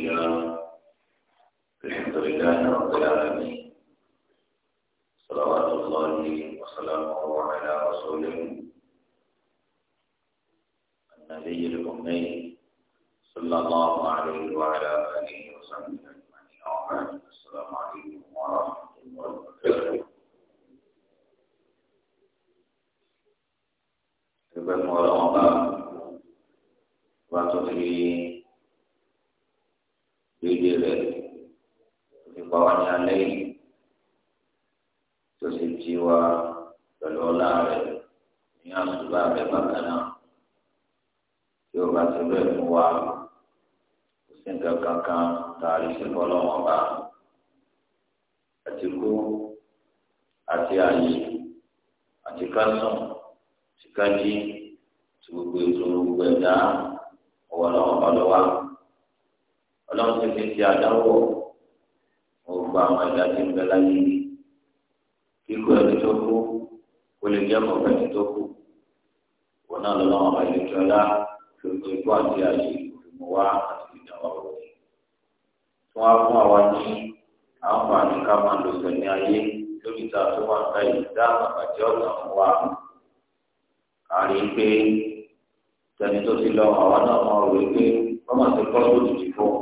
الله الحمد لله رب العالمين صلوات الله وسلامه على رسوله النبي الأمي صلى الله عليه وعلى آله وصحبه أجمعين وبعد السلام عليكم ورحمة الله وبركاته Ibu Muhammad, waktu ini bàtà náà tí o bá ti bẹ́ẹ̀ fún wa kò sí nǹkan kankan tá a lè ṣe fọlọ́wọ́n bá àti kú àti ààyè àti kásán àti kájí àti gbogbo ètò gbogbo ẹ̀dá ọwọ́ ọlọ́wọ́ ọlọ́wọ́ ọlọ́wọ́ ti fi ti àdáwọ̀ gbogbo àwọn ẹ̀dá ti ń bẹ láyé kíkó ẹni tó kú kó lè jẹ́ mọ̀fẹ́ni tó kú òun náà lọ́wọ́ àwọn àlejò ọlá gbogbo ikú àti àyè ìmọ̀ wá àti ìdáwà òní. tí wọ́n á fún àwa ní àǹfààní ká máa lo ìgbẹ̀mí ayé lórí ìta tó wà ká ìdá àbàjẹ́ ọ̀nà fún wa. àrí pé tẹni tó ti lọ àwa náà máa rò pé wọ́n máa ti kọ́ sódì jù fún un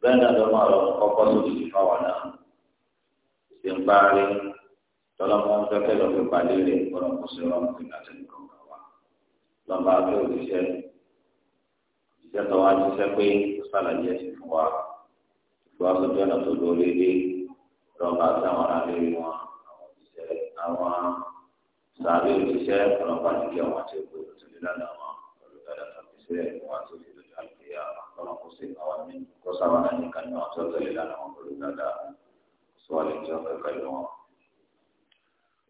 bẹ́ẹ̀ náà ló máa lọ kọ́kọ́ sódì jù fáwa náà. ìsìn tọ́lọ́mọ́ fẹ́fẹ́ lọ́ọ́ fi balẹ̀ rẹ̀ kọ́ lọ́kùnrin bàbá abẹ́ òṣìṣẹ́ òṣìṣẹ́ tó wá ṣiṣẹ́ pé ó ṣàlàyé ẹ̀sìn fún wa ìgbà sójú ọ̀nà tó lórí ilé ìrọ̀bà àti àwọn aráàlú wọn àwọn òṣìṣẹ́ àwọn sàbẹ̀ òṣìṣẹ́ ọlọ́pàá ti kí àwọn àti òkú òṣìṣẹ́ lánàá wọn olùdarí àtàkùn sílẹ̀ wọn àti òṣìṣẹ́ lójú àlùkìyà ọlọ́pàá sí àwọn àmì kọ́sáwá náà ní kan náà tó tẹ̀lé lánàá wọn olùdarí sọ́ọ̀lì ìjọba ẹ̀ka ìlú wọn.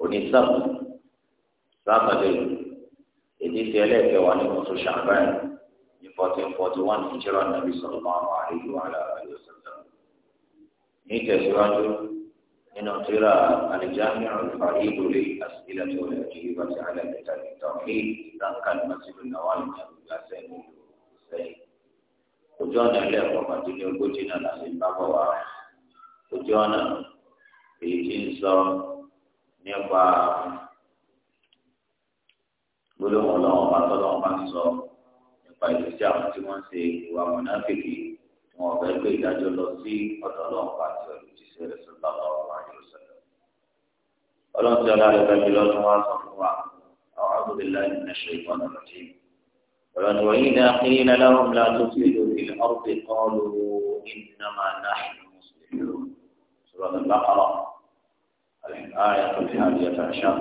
òní sábà sábà lẹ́yìn ìdíje ẹlẹ́ẹ̀kẹwàá nínú oṣù ṣàǹbáyé ní fourteen forty one ìjírọ̀ nàbí sallallahu alaihi wa alihi wasallam. ní ìtẹ̀síwájú nínú tíra alìjáàmì àlùfààrí ìdòlè àsìkílẹ̀ tó lè jí ibà tí alẹ́ níta níta ní ìdáǹkà ní masiru náwà ní àgbègbè sẹ́yìn nílùú sẹ́yìn. ojú ọ̀nà ilé ẹ̀kọ́ màdínní ogójì náà láti ń bá wá ojú ọ̀nà èyí tí ń sọ nípa gbólóhùn ọlọ́wọ́n bá tọ́lọ́wọ́n bá ń sọ nípa ìlú tí àwọn tí wọ́n ń ṣe ìwà mọ̀nàfìkì wọn ọ̀fẹ́ gbé ìdájọ́ lọ sí ọ̀dọ̀ ọlọ́wọ́n bá ti ọ̀dọ̀ ti ṣe ẹ̀sọ́ lọ́wọ́ àwọn àyọ̀sọ̀lọ́. ọlọ́run ti ọlá rẹ̀ bẹ́ẹ̀ lọ́dún wá sọ fún wa àwọn àgbègbè láti ní ṣe ọ̀rọ̀ لهم لا تفسدوا في الأرض قالوا إنما نحن مصلحون سورة البقرة الآية الحادية عشر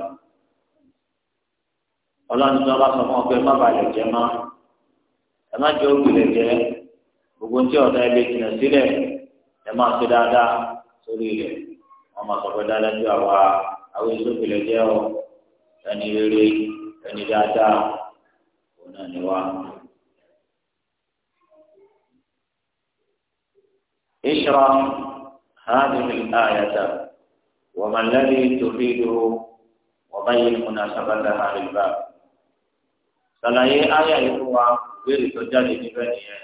ọlọ́run tó bá sọ fún ọ pé má balẹ̀ jẹ́ má ẹ má jẹ́ òkèlè jẹ́ gbogbo tí ọ̀dà ilé jìnnà sílẹ̀ ẹ má ṣe dáadáa sórí rẹ̀ wọ́n má sọ pé dáadáa ju àwa àwọn èso òkèlè jẹ́ ọ ẹni rere ẹni dáadáa òun náà ni wá. اشرح هذه الآية وما الذي تريده وبين مناسبتها للباب sàlàyé áyà yìí fún wa ìbéèrè tó jáde níbẹ̀ nìyẹn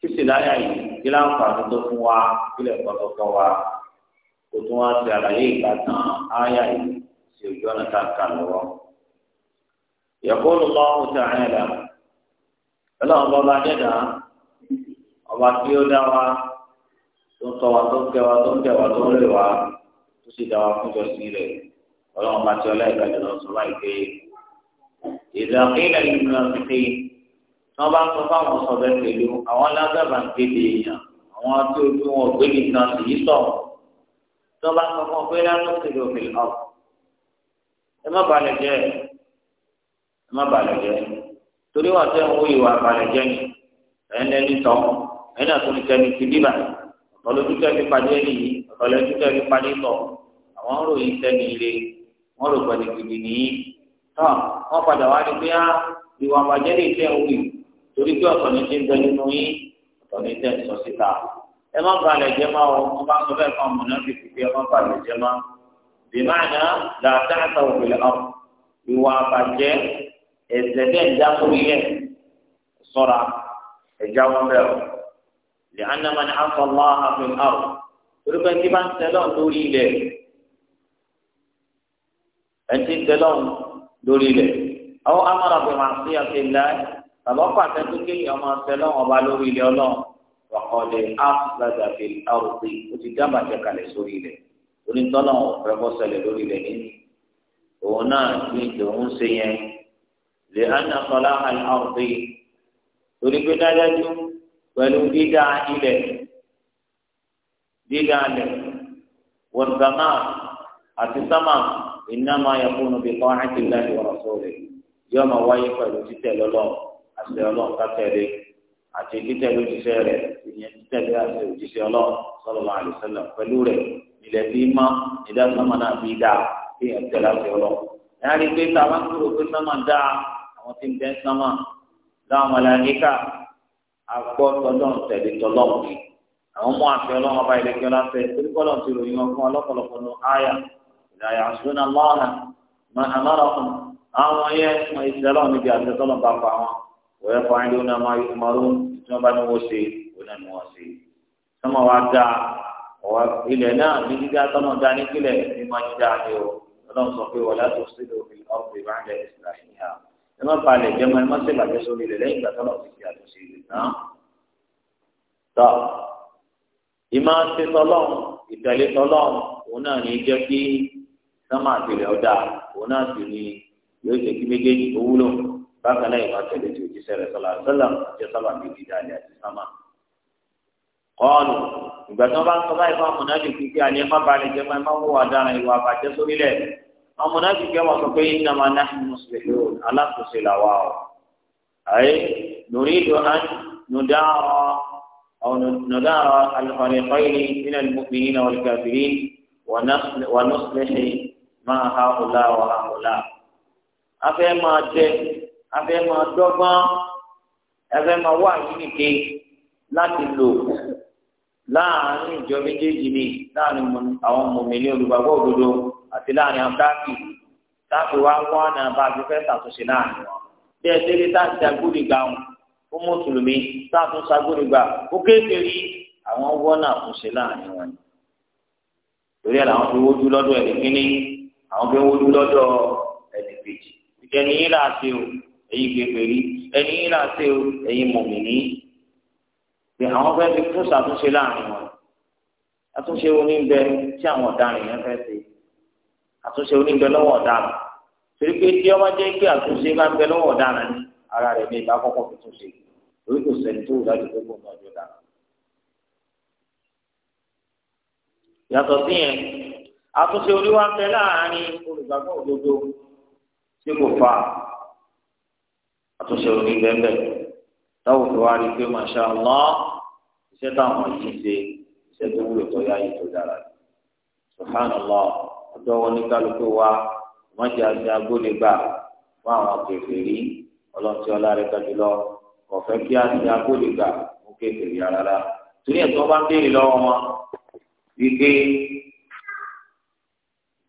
kìsì láyà yìí kí láǹfààní tó fún wa kílẹ̀ pọ̀tọ̀pọ̀ wa kò tún wá sí àlàyé ìbátan áyà yìí sí ojú ọ̀nà tá a kà lọ́wọ́. يقول الله تعالى ọlọ́run bọ́ba dẹ́dà ọba tí ó dá wa tó ń tọ́ wa tó ń kẹ́ wa tó ń kẹ́ wa tó ń rè wa tó sì dá wa fún jọ́sìn rẹ̀ ọlọ́run bá ti ọlá إذا قيل للمنافقين wọ́n bá ń sọ fáwọn ọ̀sọ̀bẹ pẹ̀lú àwọn alágbàbà ń kéde èèyàn àwọn tó tó wọn gbé nìkan sì yí sọ tí wọ́n bá sọ fún ọ pé lánàá sì lò fi hàn ẹ má balẹ̀ jẹ́ ẹ má balẹ̀ jẹ́ torí wọn tẹ́ ń wó ìwà balẹ̀ jẹ́ ni ẹ̀yìn ẹni tọ́ ẹ̀yìn náà tó ní kẹ́mi ti bíbà ọ̀tọ̀ lójú kẹ́mi padì ẹni yìí ọ̀tọ̀ tọ̀ àwọn ròyìn sẹ́ni ilé wọ́n rò pẹ̀lú ìgbìmọ̀ yìí tán wọn padà wá ní bíyà ah, ìwà àbàjẹ́ lè tẹ̀ wí torí pé ọ̀tọ̀ ní ti ń bẹ nínú yín ọ̀tọ̀ ní tẹ̀ sọ síta ẹ má balẹ̀ jẹ́ máa wọ wọn bá sọ bẹ́ẹ̀ fún ọmọ náà fífi pé ẹ má balẹ̀ jẹ́ máa bìmá àná làtà àtàwọn òbí lọ ìwà àbàjẹ́ ẹ̀sẹ̀ bẹ́ẹ̀ ń dáko yẹ sọ́ra ẹ̀já wọn bẹ́ẹ̀ o lè anamani afọlọ́ àfẹ́ ẹtí tẹlọ́n lórí ilẹ̀ àwọn amára bẹ̀ máa sí àtẹlẹ́ tàbá pàtẹ tó kéèyàn máa tẹlọ́n ọba lórí ilẹ̀ ọlọ́run wàkọ́lẹ̀ áfúgbàdà fi àròsí ó ti dábàá jẹ kalẹ̀ sórí ilẹ̀ onítọ́lọ́ ọ̀fẹ́ bọ́ sẹlẹ̀ lórí ilẹ̀ nínú òun náà ní ìdòwún ṣe yẹn lè hánà sọlá àròsí torí pé dájájú pẹ̀lú dídá ilẹ̀ dídá ilẹ̀ wọ̀n sàmà àti sàmà. إنما يكون بطاعة الله ورسوله يوم وايف الوجتة لله أسأل الله كتابه àti títẹ̀lé òjíṣẹ́ rẹ̀ ìyẹn títẹ̀lé àti òjíṣẹ́ ọlọ́run sallallahu alaihi wasallam pẹ̀lú rẹ̀ ilẹ̀ bíi má ìdá sọ́mà náà bíi dáa bí ẹ̀ tẹ̀lé àti ọlọ́run. ẹ̀yà rí i pé tá a bá ń kúrò pé sọ́mà dáa àwọn tí ń bẹ́ sọ́mà dáa màláíkà àgbọ̀ tọ́dọ̀ tẹ̀lé tọ́lọ́run ni àwọn mú àfẹ́ ọlọ́run ọba ìlẹ́kẹ́ ọlá fẹ́ torí kọ́lọ́ لا يعصون الله ما أمرهم أو يسمع السلام بأن الله بابعهم ويفعلون ما يؤمرون ثم نوسي ونوسي ثم وعدا وإلى نا من إذا تم ذلك إلى بما جعله لم صفي ولا تفسدوا في الأرض بعد إصلاحها ثم قال جمع المسألة يسوي للين كتلو في سيادة سيدنا طب إما سيطلون إتالي طلون هنا نيجي sánmà àtìlẹ̀ ọ̀dà òun náà sì ni yóò jẹ́ kí méjèèjì tó wúlò bákan náà ìwà tẹ̀lé tí òjíṣẹ́ rẹ̀ sọ́la sọ́la jẹ́ sábà méjì dáadé àti sánmà. kọ́ọ̀nù ìgbà tí wọ́n bá ń sọ báyìí fún amúnájì kíkí àní ẹ má balẹ̀ jẹ́ má má wọ àdáran ìwà àbàjẹ́ sórílẹ̀ amúnájì kí wọ́n sọ pé iná náà ń máa ha ọ̀la ọ̀la ọ̀la afẹ́ máa jẹ afẹ́ máa dọ́gbọ́n afẹ́ máa wà yínike láti lò láàrin ìjọ méjèèjì ni láàrin àwọn mòmìnì olùgbàgbọ́ òdodo àti láàrin àbúrákì láti wá wọ́n àná bá a ti fẹ́ ṣàtúnṣe láàrin wọn bí ẹ ṣe lè sáà ti agbódegbà wọn ó mùsùlùmí sáà tún ṣàgbódegbà ó kékeré àwọn wọ́n náà kùn ṣe láàrin wọn. torí ẹ̀ làwọn fi wójú lọ́dọ̀ ẹ̀ kíní àwọn bí wọ́n lọ́dọ̀ ẹnì kejì ẹni yín là ṣe o ẹ̀yin gbèbèrè ẹni yín là ṣe o ẹ̀yin mọ̀mìnì pé àwọn fẹ́ẹ́ fi fún ṣàtúnṣe láàrin wọn àtúnṣe oníbẹ tí àwọn ọ̀daràn yẹn fẹ́ẹ́ ṣe àtúnṣe oníbẹ lọ́wọ́ ọ̀daràn torí pé tí ọba jẹ́ pé àtúnṣe bá ń bẹ lọ́wọ́ ọ̀daràn ni ara rẹ̀ ní ìbá kọ́kọ́ fi túnṣe torí kò sẹ́ni tó wùdájú pé kò mọ̀ ọjọ́ dára. yàtọ̀ sí àtúnṣe olúwa ń bẹ láàrin olùgbàgbọ́ òdodo tí kò fa àtúnṣe òní bẹ́ẹ̀ táwọn òfin pé masha allah iṣẹ́ táwọn yìí ṣe iṣẹ́ tó wúlò tó yá yìí tó dára subhanallah ọjọ́ wọn ní kálukú wa wọ́n jẹ́ àti agbódegbà fún àwọn kèfèrí ọlọ́tí ọlárẹ́ká jùlọ ọ̀fẹ́ kí á ti agbódegbà fún kèfèrí rárá torí ẹ̀tọ́ bá ń béèrè lọ́wọ́ wọn wípé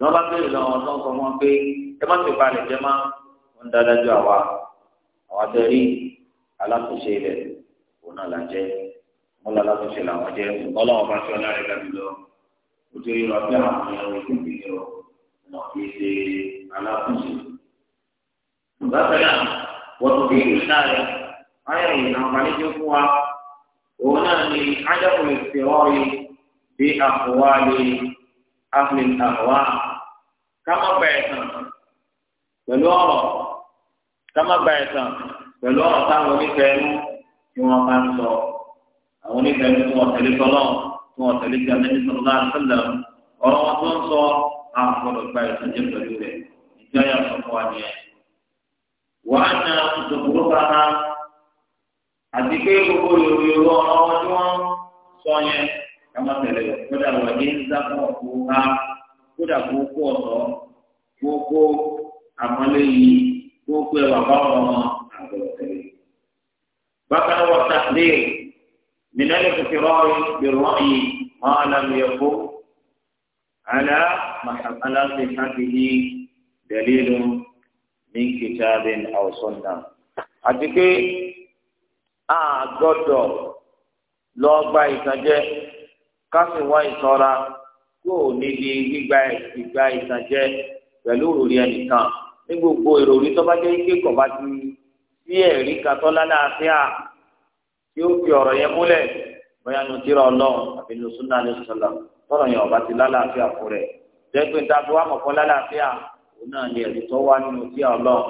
ní wọn bá béèrè lọ́wọ́ tó ń kọ wọn pé ẹ má ti balẹ̀ jẹ́ má wọn dáadájú àwa àwa tẹ rí alákòóso rẹ òun náà la jẹ wọn lọ alákòóso làwọn jẹ ọlọ́wọ́ bá fi ọlọ́rẹ̀ dàbí lọ ojú ìrọ̀ bí àwọn ọmọ ẹ̀rọ ìgbìmọ̀ ìrọ̀ wọn kì í ṣe alákòóso. bákan náà wọ́n tún fi ìlú náà ayé ìrìn àǹfààní tó fún wa òun náà ni ájákùnrin fìrọ́ọ̀rì bí àkùwá lè áfíríkà wá kama gba ẹ̀san pẹ̀lú ọ̀rọ̀ kama gba ẹ̀san pẹ̀lú ọ̀rọ̀ táwọn onífẹ̀ẹ́nu tí wọ́n bá ń sọ àwọn onífẹ̀ẹ́nu tí wọ́n tẹ̀lé tọ́lọ́ tí wọ́n tẹ̀lé tí a ní sọ̀rọ̀ láti sọ̀rọ̀ ọ̀rọ̀ wọn tó ń sọ àwọn gbọ́dọ̀ gba ẹ̀san jẹ́ pẹ̀lú rẹ̀ ìjọ yà sọ fún wa ni ẹ̀. wàá nya ìdòkúrò kàkà àti pé gbogbo yòrò yòrò ọ̀rọ̀ wọn tí wọ́n sọ yẹn kama tẹ̀lé kódà kó kó ọ̀tọ̀ kó kó àmọ́lé yìí kó kó ẹwà báwọn ọmọ àgbọ̀rọ̀ tẹ̀lé. bákan náà wọ́n tàdé mìíràn kò fi rọ́ọ̀rì bẹ̀rù ọ̀yì wọn àlàmì ẹ̀kọ́ àlà màṣàkálàṣe káàkiri dẹ̀lílu ní kìtàbí àwòsànnà. àti pé a gbọ́dọ̀ lọ́ọ́ gba ìtànjẹ ká sì wá ìṣọ́ra kó o ní lè gbígba ìgbà ìtànjẹ pẹ̀lú òròrí ẹnìkan ní gbogbo ìròrí tó bá jẹ́ ike kọ̀ bá ti sí ẹ̀rí kan tó lálàáfíà tí ó fi ọ̀rọ̀ yẹn múlẹ̀ bóyá nu tíra ọlọ́run àbí nu súnà ní sọlá tọ̀rọ̀ yẹn ọba ti lálàáfíà fún rẹ̀ jẹ́pẹ́ ta fi wá mọ̀kọ́ lálàáfíà òun náà ni ẹ̀rí tó wá nínú tíra ọlọ́run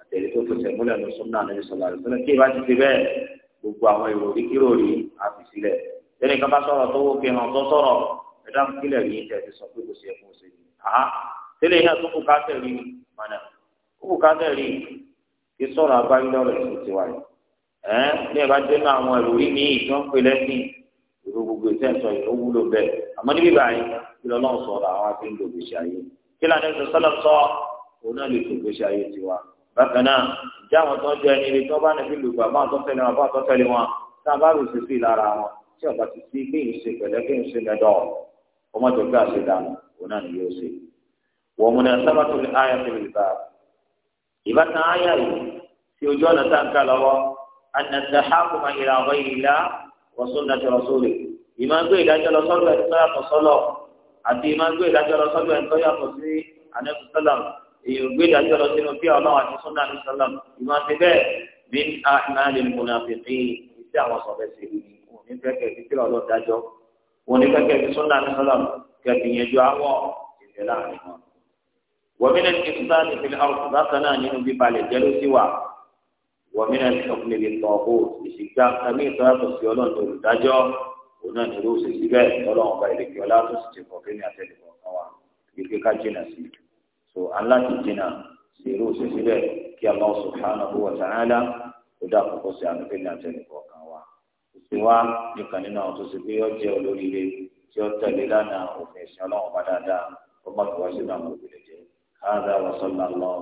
àti ẹ̀rí tó fẹsẹ̀ múlẹ̀ nu súnà ní sọlá ìsọlá tí ìbá ti ti bẹ́ẹ̀ gbogbo àwọn ìròrí kíròrí àfi sílẹ̀ tẹ́lẹ̀ bá sọ̀rọ̀ tó wó fi hàn tó sọ̀rọ̀ ẹ̀dá mi kílẹ̀ rí ẹ̀jẹ̀ ti sọ pé kò sí ẹ̀kọ́ ṣe ni àá tẹ́lẹ̀ iná tó kù káṣẹ̀ rí mọ̀nà ó kù káṣẹ̀ rí kí sọ̀rọ̀ abáyé lọ́rọ̀ ẹ̀sìn ti wáyé ẹ̀ ní ẹ̀bá dé náà àwọn ìròyìn míì tí wọ́n ń pè lẹ́sìn ìró gbogbo ìtẹ́ǹtọ́ yìí ó wúlò bẹ́ẹ̀ àmọ́ níbí báyìí kí lọ́lọ́run sọ̀rọ̀ àwọn àti ń lo gbèsè ayé kí lóun àdéhùn sọ́lọ́ sọ òun náà lè tó gbèsè ayé tiwa bákan náà ìjà àwọn tó ọmọ tó gbé àṣedànù òun náà ni yóò ṣe. wọ́n mú ní sábàtò ní àyà tó lè bá a. ìbátan àyà yìí tí ojú ọ̀nà tá a ń ká lọ́wọ́ anàtàhákùmá ìlà ọ̀rọ̀ ìlà wọ́sùn náà tọrọ sóòlè. ìmọ̀gbé ìdájọ́ lọ sọ́dọ̀ ẹ̀ tó yàtọ̀ sọ́lọ̀ àti ìmọ̀gbé ìdájọ́ lọ sọ́dọ̀ ẹ̀ tó yàtọ̀ sí anẹ́kù sọ́lọ̀m èyí ògbé ìdájọ́ lọ sínú bí ọlọ́run àti sọ́nà ní sọ́lọ̀m ìmọ̀ ti bẹ́ẹ̀ min àmàlẹ̀ mùnàfíkì ìdí àwọn sọ̀rọ̀ ẹ̀sìn ìlú ní fẹ́kẹ̀ẹ́ oníkẹ́kẹ́ fi súnà ní sọ́lá kẹ́kẹ́ yẹn ju àwọn ìfẹ́ láàrin wọn. wọ́mínà ìfúnná ní ìfẹ́ àrùn bákan náà nínú bíbá lè jẹ́ ló sí wà wọ́mínà ìfúnná lè tọ̀ ọ́ ìṣìgbà kàmí ìtọ́jú sí ọlọ́run olùdájọ́ òun náà ní irú òṣèlú bẹ́ẹ̀ tọ́lọ́run ọba ìlẹ̀kí ọlá tó sì ti kọ̀ọ̀kẹ́ ní àtẹnìkọ̀ kan wà wípé ká jìnà sí so aláti jìnà sí irú òṣèlú bẹ́ẹ̀ kí Allah subhanahu wa ta'ala ó dá ti wá nìkan nínú àwọn tó ṣe pé yóò jẹ́ olóríire tí ó tẹ̀lé lánàá òfin ìsìn ọlọ́run bá dáadáa ó má kí wá sínú àwọn òbí lè jẹ́ هذا وصلى الله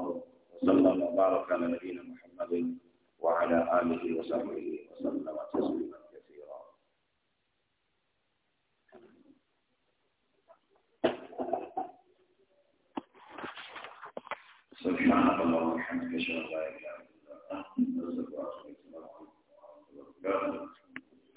وسلم وبارك على نبينا محمد وعلى آله وصحبه وسلم تسليما سبحان الله وبحمده اشهد ان لا اله الا الله